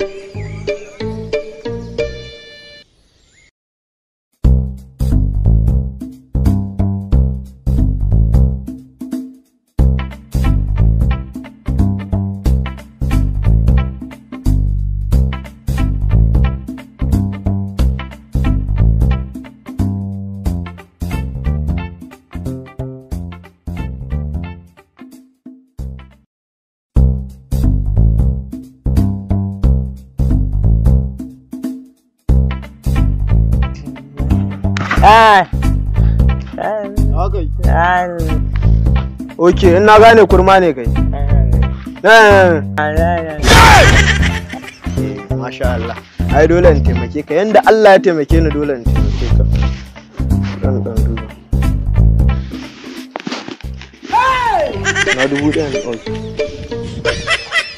you ok in na gane kurma ne kai eh. masha Allah ai dole in taimake ka yanda Allah ya taimake ni dole in taimake ka dan dan duba na dubu ɗaya ne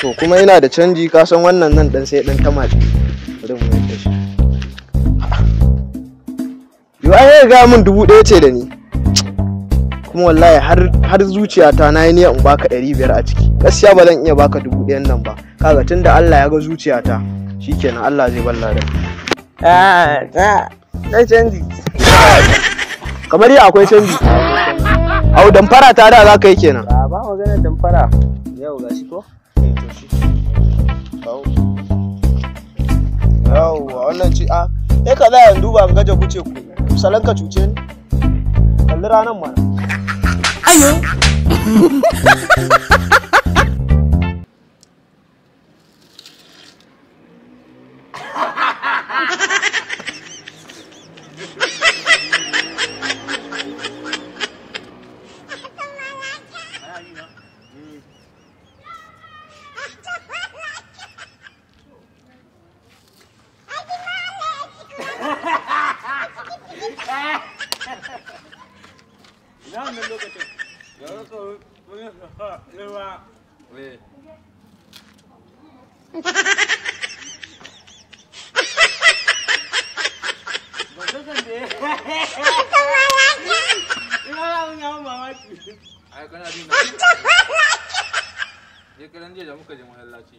to kuma yana da canji kasan wannan nan dan sai dan tamaci ya gaya min dubu ɗaya ce da ni kuma wallahi har zuciyata na yi niyyar in baka ɗari biyar a ciki gaskiya ba zan iya baka dubu ɗayan nan ba kaga tunda Allah ya ga zuciyata shikenan Allah zai balla da na canji kamar yi akwai canji au damfara ta da za ka yi kenan ba maganar damfara yau ga shi ko yau wannan ci a sai ka zaya duba ga ja kuce ku misalan ka cuce ni kalli ranar mana ayo Mm-hmm. ina wannan lokacin da ya tsoro wani ruwa Ai, kana bin na. Je karan jiya da muka je masallaci.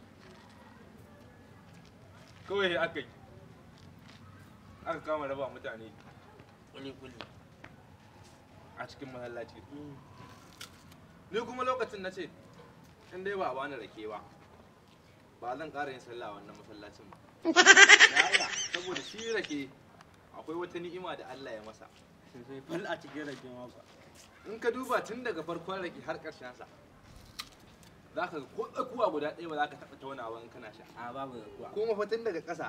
Kawai aka yi. Aka kama raba mutane. Kuli kuli. a cikin masallaci ni kuma lokacin na ce in dai ba bani rake ba ba zan ƙara yin sallah a wannan masallacin ba saboda shi rake akwai wata ni'ima da Allah ya masa a cikin rake in ka duba tun daga farkon rake har ƙarshen sa za ka ko tsakuwa guda ɗaya ba za ka taɓa taunawa in kana sha a babu tsakuwa kuma fa tun daga ƙasa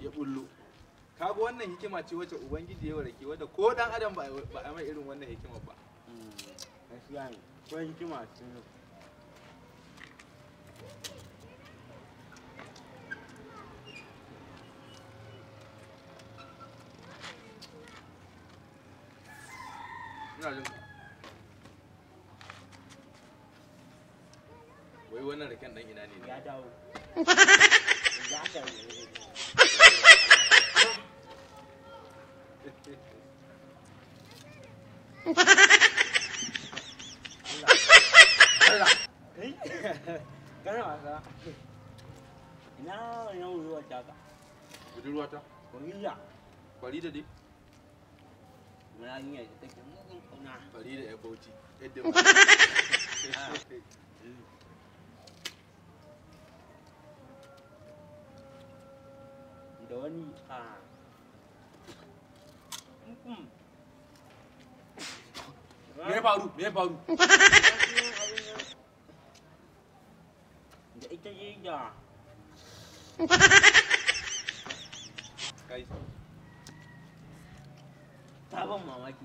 ya bullo kaga wannan hikima ce wacce ubangiji ya warake wadda ko dan adam ba ba mai irin wannan hikima ba hmm, gaskiya ne ko hikima ce ina jin wai wannan raken dan ina ne ya dawo ya dawo Kenapa? Kenapa yang dulu aja tak? Dulu aja. Kau iya. Kau lihat di. Mana ni aja tak mungkin kau nak. Kau lihat eh bauci. Eh Hmm. me ya faru me ya faru da ita je da kai ta ban mamaki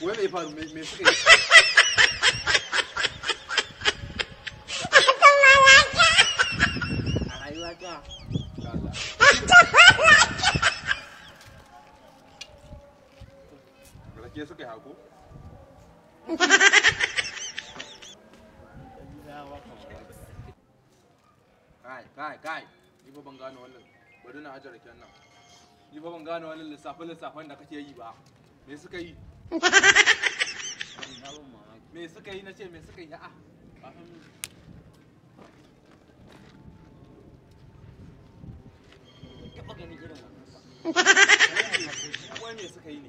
wallahi wai me hagu kai kai kai ni ba ban wannan bari na kyan nan ni ba ban wannan da kake yi ba me suka yi me suka yi me suka yi Wai me suka yi ne?